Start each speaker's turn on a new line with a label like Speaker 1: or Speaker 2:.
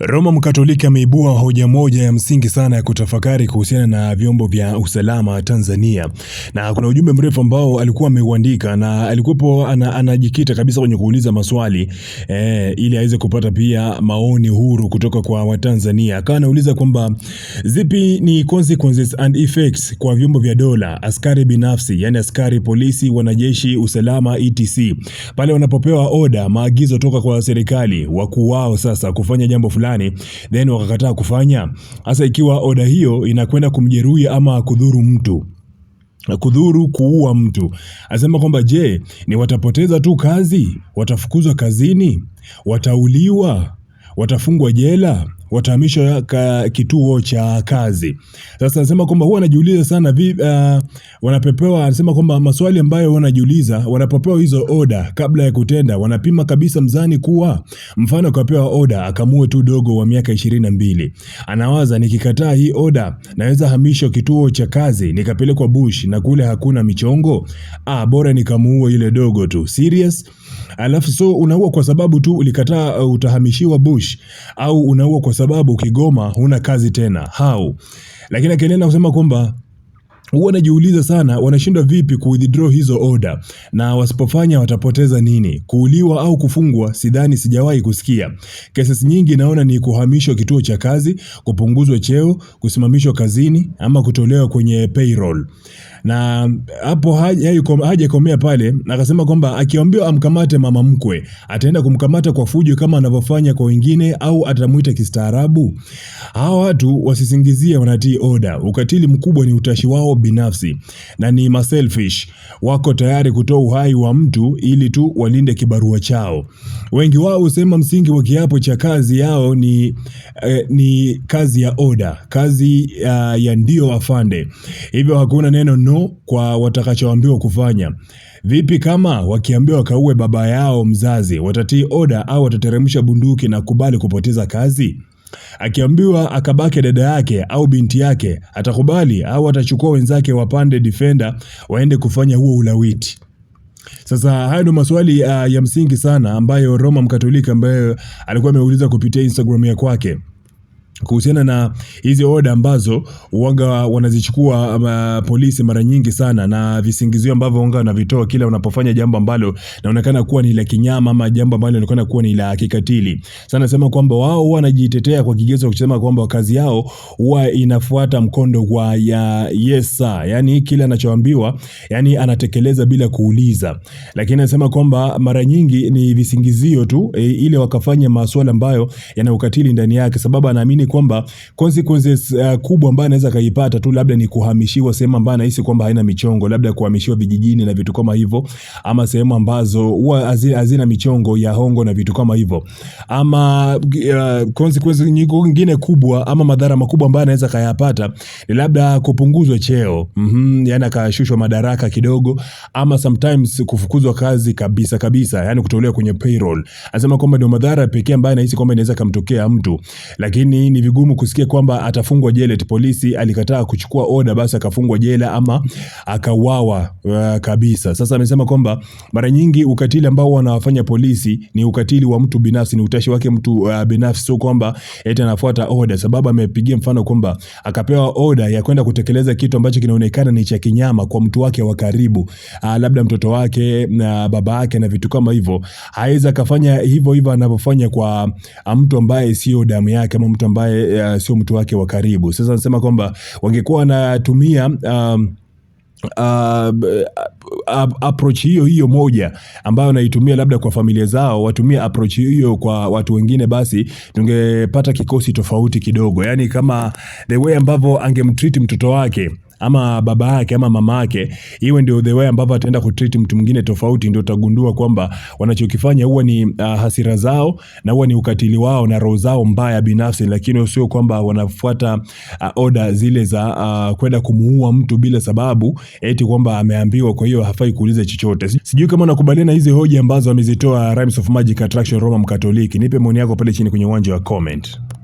Speaker 1: Roma Mkatoliki ameibua hoja moja ya msingi sana ya kutafakari kuhusiana na vyombo vya usalama Tanzania, na kuna ujumbe mrefu ambao alikuwa ameuandika na alikuwa anajikita kabisa kwenye kuuliza maswali e, ili aweze kupata pia maoni huru kutoka kwa Watanzania. Akawa anauliza kwamba zipi ni consequences and effects kwa vyombo vya dola, askari binafsi, yani askari polisi, wanajeshi, usalama etc, pale wanapopewa oda, maagizo toka kwa serikali, wakuu wao sasa kufanya jambo fulani fulani then wakakataa kufanya. hasa ikiwa oda hiyo inakwenda kumjeruhi ama kudhuru mtu kudhuru kuua mtu, asema kwamba je, ni watapoteza tu kazi? Watafukuzwa kazini? Watauliwa? Watafungwa jela? watahamishwa ka kituo cha kazi. Sasa anasema kwamba huwa anajiuliza sana vi, uh, wanapepewa, anasema kwamba maswali ambayo huwa anajiuliza wanapopewa hizo oda, kabla ya kutenda wanapima kabisa mzani kuwa, mfano akapewa oda akamue tu dogo wa miaka ishirini na mbili, anawaza nikikataa hii oda naweza hamishwa kituo cha kazi nikapelekwa bush na kule hakuna michongo. Ah, bora nikamuue ile dogo tu. Serious? Alafu so unaua kwa sababu tu ulikataa, uh, utahamishiwa bush au unaua kwa sababu ukigoma huna kazi tena hau. Lakini akiendelea kusema kwamba huwa anajiuliza sana wanashindwa vipi kuwithdraw hizo order, na wasipofanya watapoteza nini? Kuuliwa au kufungwa? Sidhani, sijawahi kusikia. Cases nyingi naona ni kuhamishwa kituo cha kazi, kupunguzwa cheo, kusimamishwa kazini ama kutolewa kwenye payroll. Na hapo hajakomea pale, akasema kwamba akiambiwa amkamate mama mkwe ataenda kumkamata kwa fujo kama anavyofanya kwa wengine, au atamuita kistaarabu? Hawa watu wasisingizie wanatii order. Ukatili mkubwa ni utashi wao binafsi na ni maselfish, wako tayari kutoa uhai wa mtu ili tu walinde kibarua chao. Wengi wao husema msingi wa kiapo cha kazi yao ni, eh, ni kazi ya oda, kazi uh, ya ndio afande. Hivyo hakuna neno no kwa watakachoambiwa kufanya. Vipi kama wakiambiwa kaue baba yao mzazi, watatii oda au watateremsha bunduki na kubali kupoteza kazi? Akiambiwa akabake dada yake au binti yake, atakubali au atachukua wenzake wapande defender waende kufanya huo ulawiti. Sasa hayo ndio maswali uh, ya msingi sana ambayo Roma Mkatoliki ambayo alikuwa ameuliza kupitia Instagram ya kwake kuhusiana na hizi oda ambazo wanga wanazichukua ama polisi mara nyingi sana, na visingizio ambavyo wanga wanavitoa kila unapofanya jambo ambalo naonekana kuwa ni la kinyama ama jambo ambalo linaonekana kuwa ni la kikatili. sana, sema kwamba wao wanajitetea kwa kigezo cha kusema kwamba kazi yao huwa inafuata mkondo wa ya yes sir, yani kila anachoambiwa yani anatekeleza bila kuuliza, lakini anasema kwamba mara nyingi ni visingizio tu e, ile wakafanya masuala ambayo yana ukatili ndani yake, sababu anaamini kwamba consequences uh, kubwa ambayo anaweza kaipata tu labda ni kuhamishiwa sehemu ambayo anahisi kwamba haina michongo, labda kuhamishiwa vijijini na vitu kama hivyo, ama sehemu ambazo huwa hazina michongo ya hongo na vitu kama hivyo, ama uh, consequences nyingine kubwa ama madhara makubwa ambayo anaweza kayapata ni labda kupunguzwa cheo mm -hmm, yani akashushwa madaraka kidogo, ama sometimes kufukuzwa kazi kabisa kabisa, yani kutolewa kwenye payroll. Anasema kwamba ndio madhara pekee ambayo anahisi kwamba inaweza kumtokea mtu, lakini ni vigumu kusikia kwamba atafungwa jela eti polisi alikataa kuchukua oda, basi akafungwa jela ama akauawa uh, kabisa. Sasa amesema kwamba mara nyingi ukatili ambao wanawafanya polisi ni ukatili wa mtu binafsi, ni utashi wake mtu uh, binafsi, sio kwamba eti anafuata oda, sababu amepigia mfano kwamba akapewa oda ya kwenda kutekeleza kitu ambacho kinaonekana ni cha kinyama kwa mtu wake wa karibu, uh, labda mtoto wake na uh, baba yake na vitu kama hivyo, hawezi akafanya hivyo hivyo anavyofanya kwa uh, mtu ambaye sio damu yake ama mtu ambaye ambaye uh, sio mtu wake wa karibu. Sasa anasema kwamba wangekuwa wanatumia um, Uh, approach hiyo hiyo moja ambayo wanaitumia labda kwa familia zao, watumie approach hiyo kwa watu wengine, basi tungepata kikosi tofauti kidogo, yani kama the way ambavyo angemtreat mtoto wake ama baba yake ama mama yake, iwe ndio the way ambavyo ataenda kutreat mtu mwingine tofauti, ndio utagundua kwamba wanachokifanya huwa ni uh, hasira zao na huwa ni ukatili wao na roho zao mbaya binafsi, lakini sio kwamba wanafuata uh, ah, oda zile za uh, kwenda kumuua mtu bila sababu eti kwamba ameambiwa, kwa hiyo hafai kuuliza chochote. Sijui kama nakubaliana hizi hoja ambazo amezitoa Rhymes of Magic Attraction Roma Mkatoliki. Nipe maoni yako pale chini kwenye uwanja wa comment.